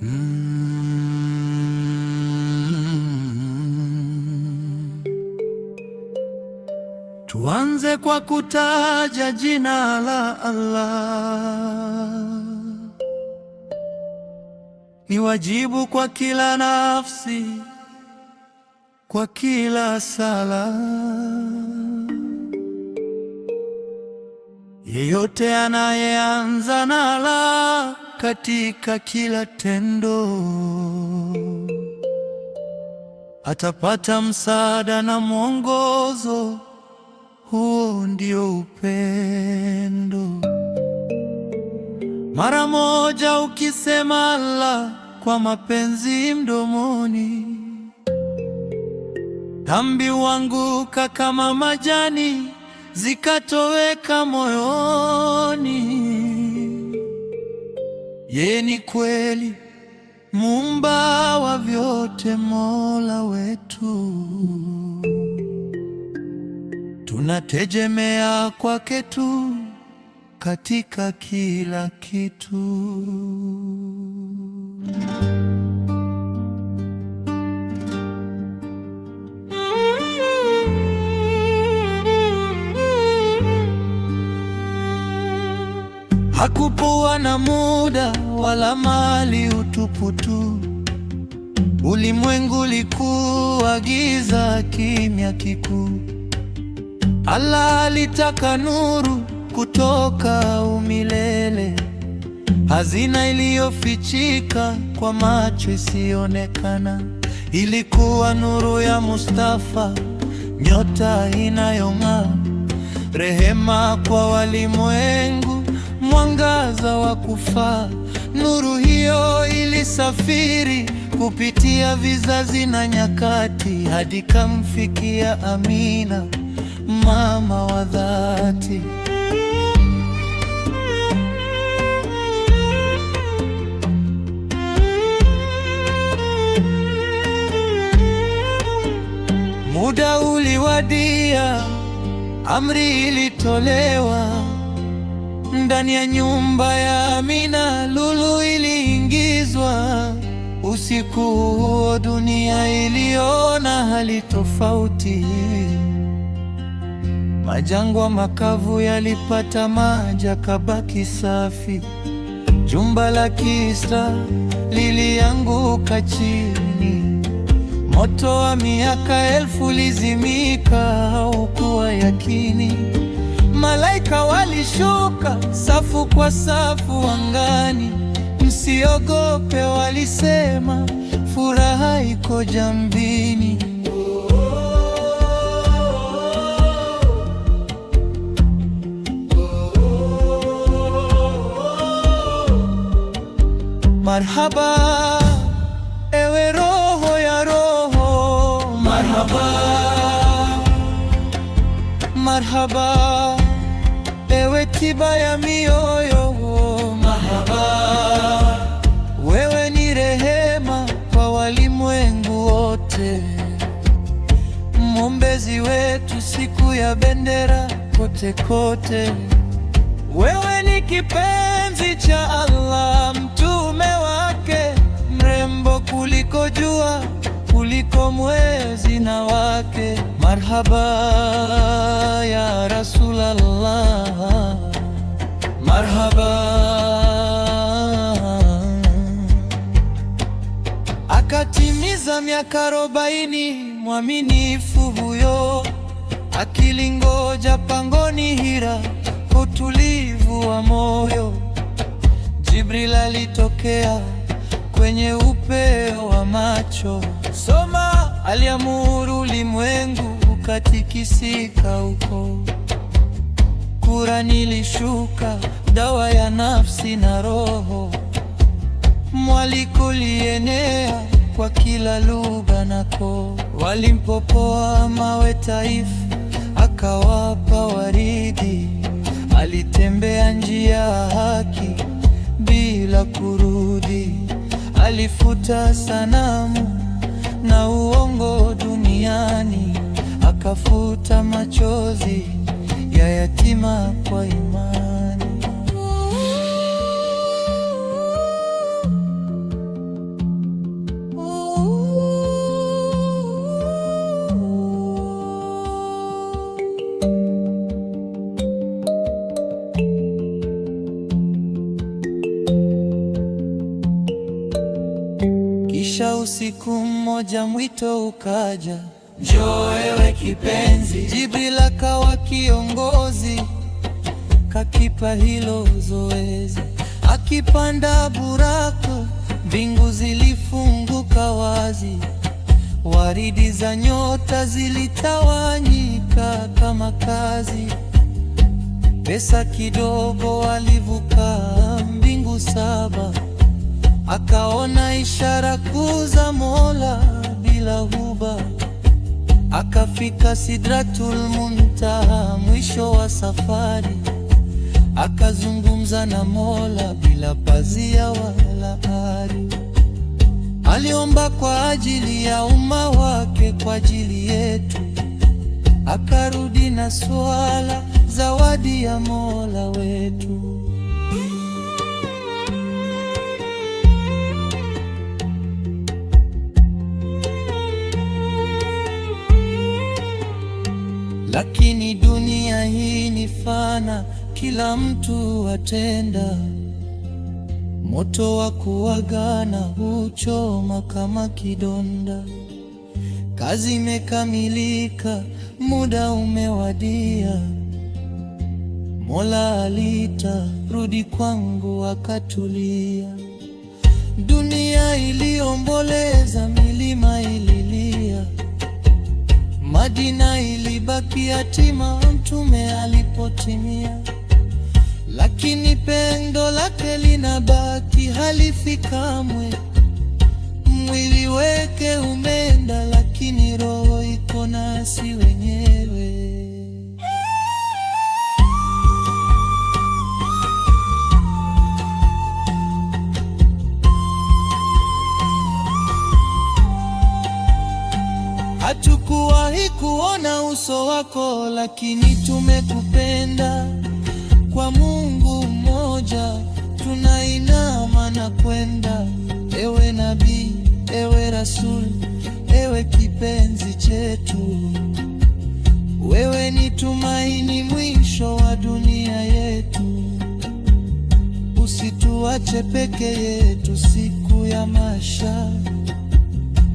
Hmm. Tuanze kwa kutaja jina la Allah. Ni wajibu kwa kila nafsi, kwa kila sala. Yeyote anayeanza na la katika kila tendo, atapata msaada na mwongozo. Huo ndio upendo. Mara moja ukisema la kwa mapenzi mdomoni, dhambi wanguka kama majani, zikatoweka moyoni. Yeye ni kweli, muumba wa vyote, Mola wetu, tunategemea kwake tu katika kila kitu. hakupua na muda wala mali, utupu tu. Ulimwengu likuwa giza, kimya kikuu. Allah alitaka nuru kutoka umilele, hazina iliyofichika kwa macho isionekana. Ilikuwa nuru ya Mustafa, nyota inayong'aa, rehema kwa walimwengu mwangaza wa kufaa. Nuru hiyo ilisafiri kupitia vizazi na nyakati, hadi kamfikia Amina, mama wa dhati. Muda uliwadia, amri ilitolewa ndani ya nyumba ya Amina lulu iliingizwa. Usiku huo dunia iliona hali tofauti. Majangwa makavu yalipata maji yakabaki safi. Jumba la Kisra lilianguka chini. Moto wa miaka elfu lizimika, haukuwa yakini Malaika walishuka safu kwa safu angani, msiogope walisema, furaha iko jambini. Marhaba, ewe roho ya roho, marhaba, marhaba ratiba ya mioyo mahaba. Wewe ni rehema kwa walimwengu wote, mwombezi wetu siku ya bendera kote kote. Wewe ni kipenzi cha Allah, mtume wake, mrembo kuliko jua, kuliko mwezi na wake. Marhaba ya Rasulallah. Marhaba akatimiza miaka arobaini, mwaminifu huyo akilingoja pangoni Hira kwa utulivu wa moyo. Jibril alitokea kwenye upeo wa macho soma, aliamuru ulimwengu ukatikisika huko Kurani ilishuka dawa ya nafsi na roho, mwaliko ulienea kwa kila lugha na koo. Walimpopoa mawe taifa, akawapa waridi. Alitembea njia ya haki bila kurudi, alifuta sanamu na uongo duniani, akafuta machozi ya yatima kwa imani. usiku mmoja mwito ukaja, njoo ewe kipenzi. Jibril akawa kiongozi, kakipa hilo zoezi. Akipanda buraka, mbingu zilifunguka wazi, waridi za nyota zilitawanyika kama kazi. Pesa kidogo, walivuka mbingu saba akaona ishara kuu za Mola bila huba, akafika Sidratul Muntaha, mwisho wa safari, akazungumza na Mola bila pazia wala ari. Aliomba kwa ajili ya umma wake, kwa ajili yetu, akarudi na swala, zawadi ya Mola wetu. lakini dunia hii ni fana, kila mtu atenda. Moto wa kuagana huchoma kama kidonda. Kazi imekamilika, muda umewadia. Mola alitarudi kwangu akatulia. Dunia iliomboleza, milima ililia, Madina nilibaki yatima mtume alipotimia, lakini pendo lake linabaki halifikamwe. Mwili weke umenda lakini roho iko nasi wenyewe. uso wako, lakini tumekupenda. Kwa Mungu mmoja tunainama na kwenda. Ewe nabii, ewe rasuli, ewe kipenzi chetu, wewe ni tumaini, mwisho wa dunia yetu. Usituache peke yetu siku ya mashaka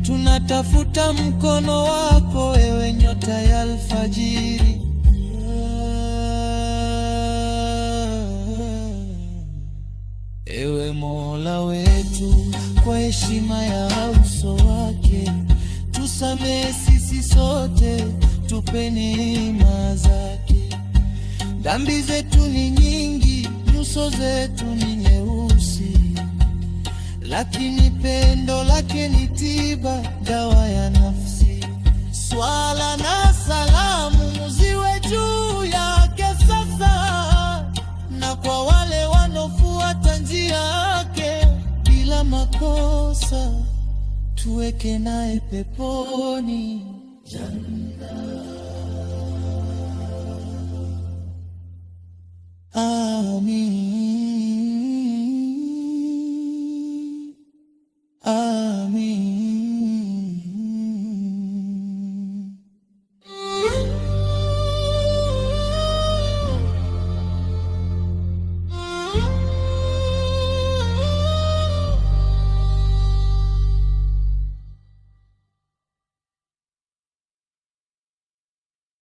tunatafuta mkono wako wewe, nyota ya alfajiri. Ewe Mola wetu, kwa heshima ya uso wake, tusamehe sisi sote, tupe neema zake. Dhambi zetu ni nyingi, nyuso zetu ni nyeusi lakini pendo lake ni tiba, dawa ya nafsi. Swala na salamu ziwe juu yake sasa, na kwa wale wanofuata njia yake bila makosa, tuweke naye peponi janna. Amin.